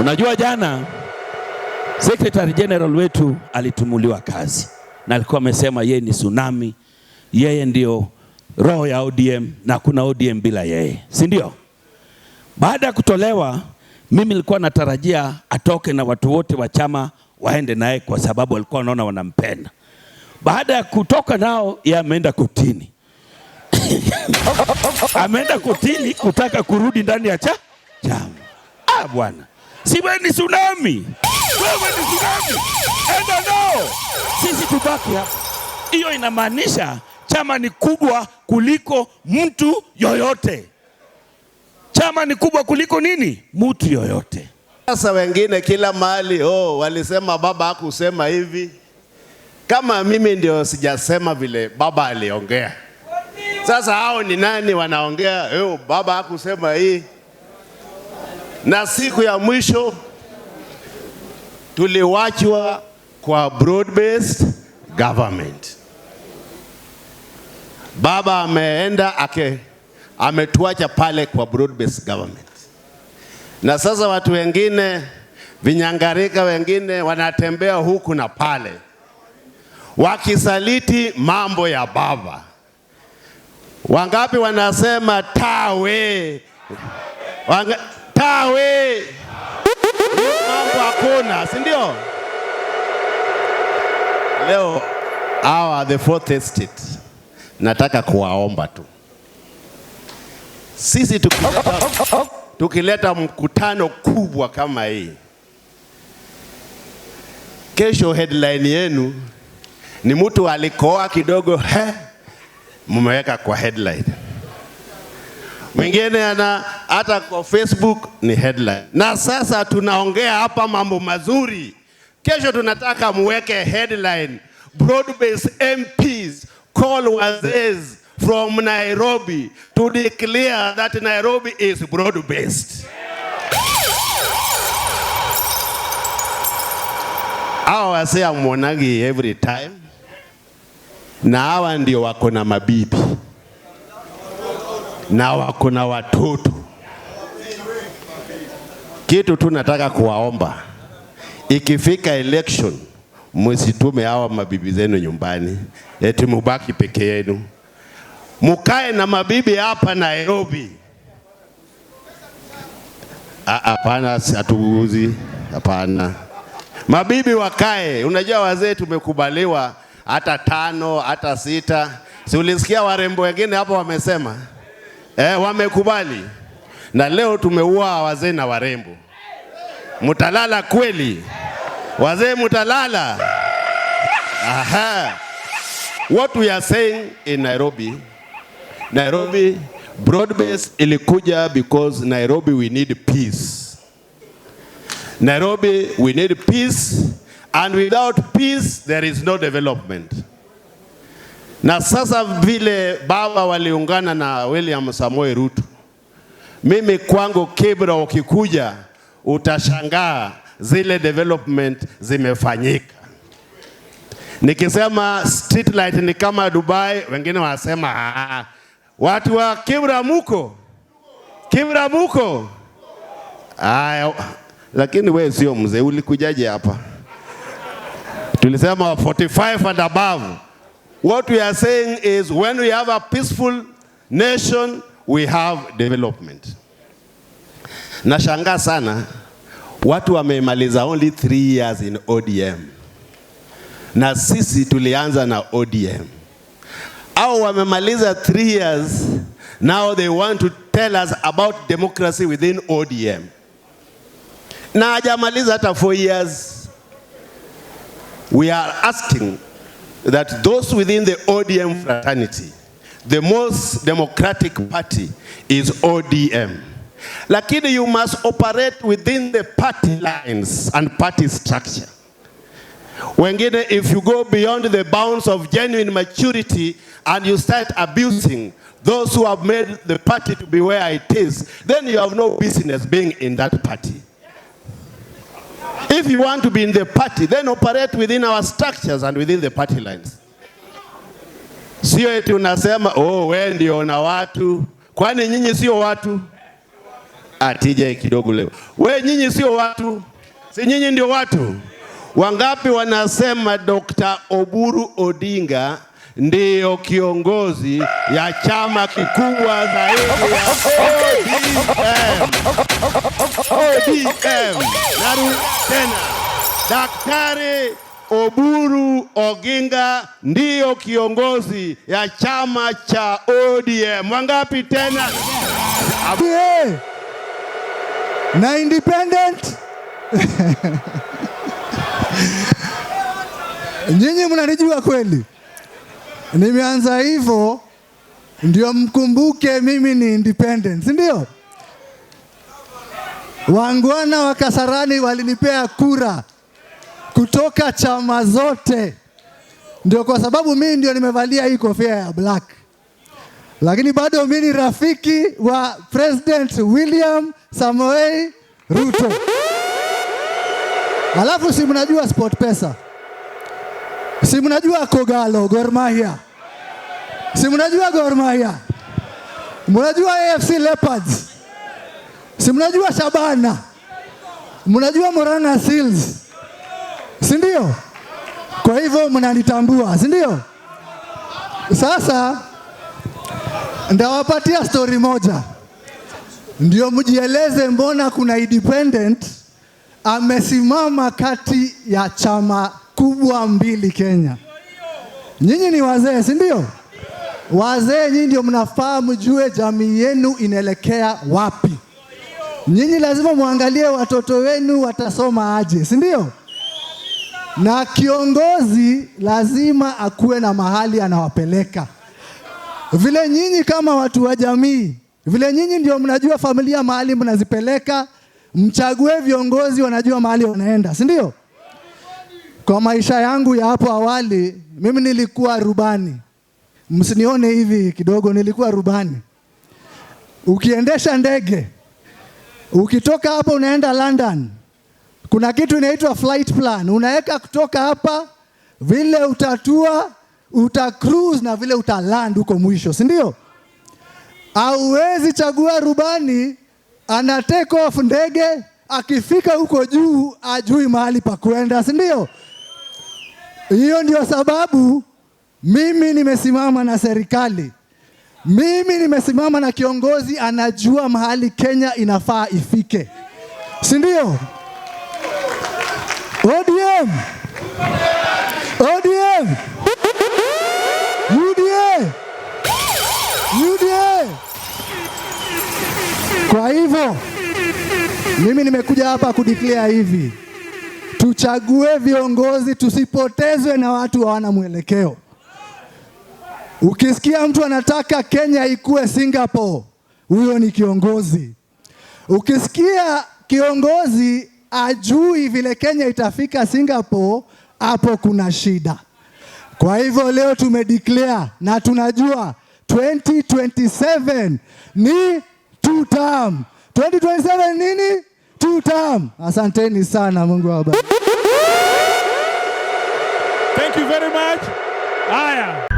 Unajua jana Secretary General wetu alitumuliwa kazi na alikuwa amesema yeye ni tsunami, yeye ndio roho ya ODM na kuna ODM bila yeye, si ndio? Baada ya kutolewa, mimi nilikuwa natarajia atoke na watu wote wa chama waende naye, kwa sababu walikuwa wanaona wanampenda. Baada ya kutoka nao, yeye ameenda kotini ameenda kotini kutaka kurudi ndani ya chama. Ah bwana Siwe ni tsunami. Wewe ni tsunami. Enda nao. Sisi tubaki hapa. Hiyo inamaanisha chama ni kubwa kuliko mtu yoyote. Chama ni kubwa kuliko nini? Mtu yoyote. Sasa wengine kila mahali oh, walisema baba hakusema hivi. Kama mimi ndio sijasema vile baba aliongea. Sasa hao ni nani wanaongea? Oh, baba hakusema hii na siku ya mwisho tuliwachwa kwa broad based government. Baba ameenda ake, ametuacha pale kwa broad based government, na sasa watu wengine vinyangarika wengine wanatembea huku na pale wakisaliti mambo ya baba. Wangapi wanasema tawe tawe, mambo hakuna, si ndio? Leo hawa the fourth estate, nataka kuwaomba tu sisi tukileta, tukileta mkutano kubwa kama hii kesho, headline yenu ni mtu alikoa kidogo, he, mmeweka kwa headline mwingine ana hata kwa Facebook ni headline. Na sasa tunaongea hapa mambo mazuri, kesho tunataka muweke headline broad-based MPs call wazee from Nairobi to declare that Nairobi is broad-based. Hawa wase amwonagi every time, na hawa ndio wako na mabibi na wako na watoto. Kitu tu nataka kuwaomba, ikifika election msitume hawa mabibi zenu nyumbani, eti mubaki peke yenu. Mukae na mabibi hapa Nairobi. Ah, hapana, hatuuzi. Hapana, mabibi wakae. Unajua wazee tumekubaliwa hata tano hata sita, si ulisikia warembo wengine hapo wamesema eh, wamekubali. Na leo tumeua wazee na warembo. Mutalala kweli wazee, mutalala. Aha. What we are saying in Nairobi, Nairobi broad base ilikuja because Nairobi we need peace. Nairobi we need peace and without peace there is no development. Na sasa vile baba waliungana na William Samoe Ruto, mimi kwangu Kibra ukikuja utashangaa zile development zimefanyika. Nikisema street light ni kama Dubai, wengine wanasema ah, watu wa Kibra muko Kibra muko aya. Lakini we sio mzee, ulikujaje hapa? Tulisema 45 and above What we are saying is when we have a peaceful nation, we have development. Nashangaa sana watu wamemaliza only three years in ODM na sisi tulianza na ODM. Au wamemaliza three years, now they want to tell us about democracy within ODM, na hajamaliza hata four years. We are asking that those within the ODM fraternity, the most democratic party is ODM. Lakini you must operate within the party lines and party structure. Wengine, if you go beyond the bounds of genuine maturity and you start abusing those who have made the party to be where it is, then you have no business being in that party. If you want to be in the party, then operate within our structures and within the party lines. Sio eti unasema oh, we ndio na watu. Kwani nyinyi sio watu? Atije kidogo leo. We nyinyi sio watu, si nyinyi ndio watu? Wangapi wanasema Dr. Oburu Odinga ndiyo kiongozi ya chama kikubwa zaidi ya ODM? FM. okay, tena Daktari Oburu Oginga ndiyo kiongozi ya chama cha ODM. Wangapi tena? Yeah. Na independent nyinyi mnanijua kweli, nimeanza hivyo ndio mkumbuke mimi ni independent, si ndio? Wangwana wa Kasarani walinipea kura kutoka chama zote, ndio kwa sababu mimi ndio nimevalia hii kofia ya black, lakini bado mimi ni rafiki wa President William Samoei Ruto. Alafu si mnajua Sport Pesa, si mnajua Kogalo Gor Mahia, si mnajua Gor Mahia, mnajua AFC Leopards si mnajua Shabana, mnajua Morana Seals, si ndio? Kwa hivyo mnanitambua, si ndio? Sasa ndawapatia stori moja ndio mjieleze mbona kuna independent amesimama kati ya chama kubwa mbili Kenya. Nyinyi ni wazee, si ndio? Wazee nyinyi ndio mnafaa mjue jamii yenu inaelekea wapi. Nyinyi lazima mwangalie watoto wenu watasoma aje, si ndio? Na kiongozi lazima akuwe na mahali anawapeleka. Vile nyinyi kama watu wa jamii, vile nyinyi ndio mnajua familia mahali mnazipeleka, mchague viongozi wanajua mahali wanaenda, si ndio? Kwa maisha yangu ya hapo awali, mimi nilikuwa rubani. Msinione hivi kidogo, nilikuwa rubani. Ukiendesha ndege Ukitoka hapa unaenda London, kuna kitu inaitwa flight plan, unaweka kutoka hapa vile utatua uta cruise na vile uta land huko mwisho, si ndio? Auwezi chagua rubani ana take off ndege, akifika huko juu ajui mahali pa kwenda, si ndio? Hiyo ndio sababu mimi nimesimama na serikali mimi nimesimama na kiongozi anajua mahali Kenya inafaa ifike, si ndio? ODM, ODM, UDA, UDA. Kwa hivyo mimi nimekuja hapa kudeclare hivi, tuchague viongozi, tusipotezwe na watu hawana mwelekeo. Ukisikia mtu anataka Kenya ikue Singapore, huyo ni kiongozi. Ukisikia kiongozi ajui vile Kenya itafika Singapore, hapo kuna shida. Kwa hivyo leo tumedeclare na tunajua 2027 ni two term. 2027 nini? Two term. Asanteni sana, Mungu awabariki. Thank you very much. Haya.